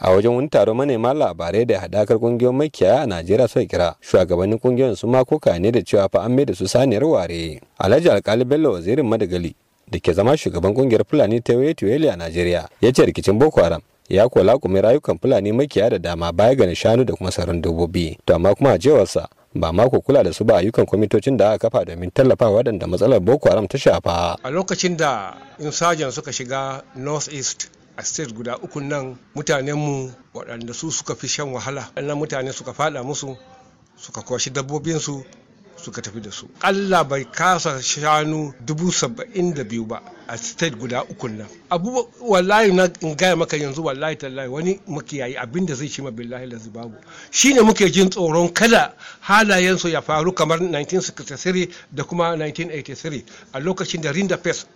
a wajen wani taron manema labarai da hadakar kungiyoyin makiyaya a najeriya suka kira shugabannin kungiyoyin su ma koka ne da cewa fa an mai da su saniyar ware alhaji alkali bello wazirin madagali da ke zama shugaban kungiyar fulani ta waye a najeriya ya ce rikicin boko haram ya kola kuma rayukan fulani makiya da dama baya ga shanu da kuma sauran dabbobi to amma kuma a jewarsa ba ma ku kula da su ba ayyukan kwamitocin da aka kafa domin tallafa waɗanda matsalar boko haram ta shafa a lokacin da insurgents suka shiga north east a state guda ukun nan mutanenmu waɗanda su suka fi shan wahala ɗannan mutane suka fada musu suka kwashi dabbobinsu suka tafi da su allah bai kasa shanu dubu saba'in da biyu ba a state guda ukun nan abu wallahi na in gaya maka yanzu wallahi tallahi wani makiyayi abin da zai ci ma billahi la zibabu shine muke jin tsoron kada halayensu ya faru kamar 1963 da kuma 1983 a lokacin da rinda pes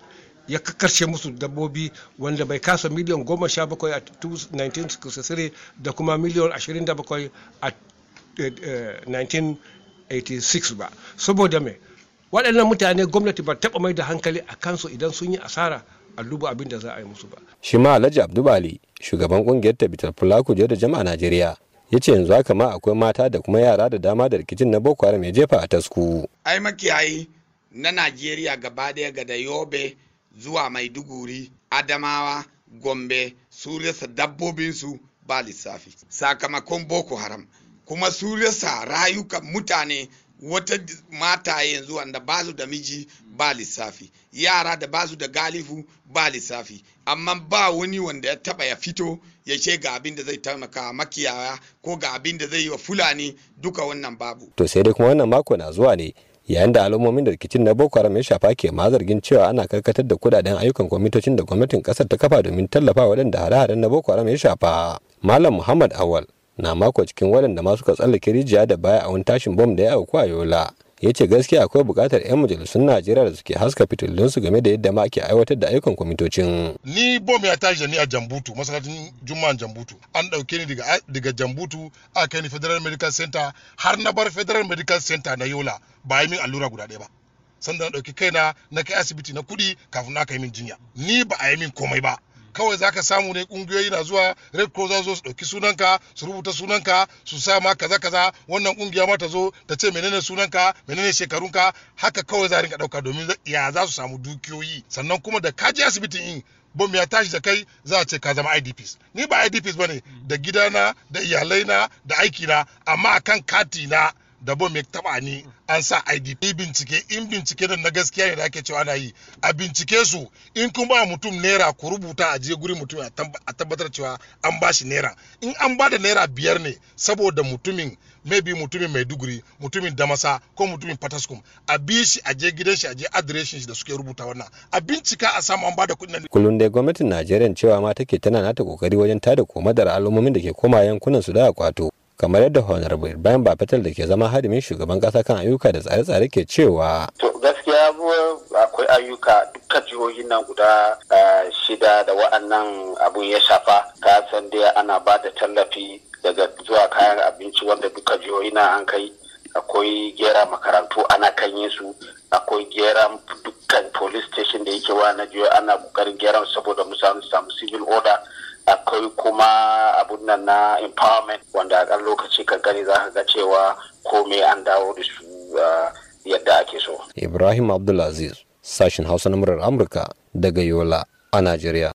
ya kakarce musu dabbobi wanda bai kasa miliyan goma sha bakwai a 1963 da kuma miliyan ashirin a 1986 eh, eh, ba saboda mai waɗannan mutane gwamnati ba taɓa mai da hankali a kansu idan sun yi asara a duba abin da za a yi musu ba. shi ma alhaji abdubali shugaban kungiyar tabitar fulaku da jama'a najeriya ya ce yanzu haka ma akwai mata da kuma yara da dama da rikicin na boko haram ya jefa a tasku. ai makiyayi na najeriya gaba daya ga da yobe zuwa maiduguri adamawa gombe su rasa dabbobinsu ba lissafi sakamakon boko haram kuma su rasa rayukan mutane wata mata yanzu wanda ba su da miji ba lissafi yara da ba su da galifu ba lissafi amma ba wani wanda ya taba ya fito ya ce ga abin da zai taimaka makiyaya ko ga abin da zai yi wa fulani duka wannan babu to sai dai kuma wannan mako na zuwa ne yayin da al'ummomin da rikicin na boko haram ya shafa ke ma zargin cewa ana karkatar da kudaden ayyukan kwamitocin da gwamnatin kasar ta kafa domin tallafa waɗanda hare-haren na boko haram ya shafa malam muhammad awal na mako cikin waɗanda ma suka tsallake rijiya da baya a wani tashin bom da ya auku a yola ya ce gaskiya akwai bukatar 'yan majalisun najeriya da suke haska su game da yadda ma ake aiwatar da ayyukan kwamitocin ni bom ya tashi da ni a jambutu masallacin juma'an jambutu an ɗauke ni daga jambutu a kai ni federal medical center har na bar federal medical center na yola ba yi min allura guda ɗaya ba sanda na ɗauki kaina na kai asibiti na kuɗi kafin na kai min jinya ni ba a yi min komai ba kawai zaka samu ne kungiyoyi na zuwa red cross za su dauki sunanka su rubuta sunanka su sa ma kaza kaza wannan kungiya ma ta zo ta ce menene sunanka menene shekarunka haka kawai za rinka dauka domin ya za su samu dukiyoyi sannan kuma da kaji asibitin in bom ya tashi da kai za a ce ka zama idps ni ba idps ne da gidana da iyalaina da aikina amma akan kati na da bom ya taba ni an sa ID ni bincike in bincike da na gaskiya ne da ake cewa ana yi a bincike su in kun ba mutum naira ku rubuta a je guri mutum a tabbatar cewa an ba shi naira in an ba da naira biyar ne saboda mutumin maybe mutumin maiduguri mutumin damasa ko mutumin pataskum a bi shi a je gidan shi a je adireshin shi da suke rubuta wannan a bincika a samu an ba da kuɗin kullum dai gwamnatin najeriya cewa ma take tana nata kokari wajen tada komadar al'ummomin da ke koma yankunan su da kwato kamar yadda honorable bayan ba fitar da ke zama hadimin shugaban kasa kan ayyuka da tsare-tsare ke cewa to gaskiya akwai ayyuka duka jihohin nan guda eh, shida da wa'annan abun ya shafa ta san dai ana ba da tallafi daga zuwa kayan abinci wanda duka jihohin na an kai akwai gera makarantu ana kan yin su akwai geran dukkan police station da yake wa na jihohi ana kokarin geran saboda mu samu civil order akwai kuma abun nan na empowerment wanda a kan lokaci kan gani za ka ga cewa komai an dawo da su ah, yadda ake so. Ibrahim Abdulaziz, sashen Hausa na murar Amurka daga Yola a Najeriya.